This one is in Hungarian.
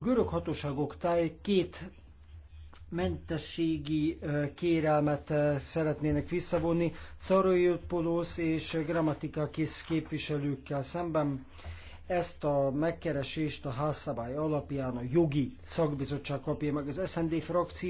görög hatóságok táj két mentességi kérelmet szeretnének visszavonni Szarajopolosz és kész képviselőkkel szemben. Ezt a megkeresést a házszabály alapján a jogi szakbizottság kapja meg az SND frakció.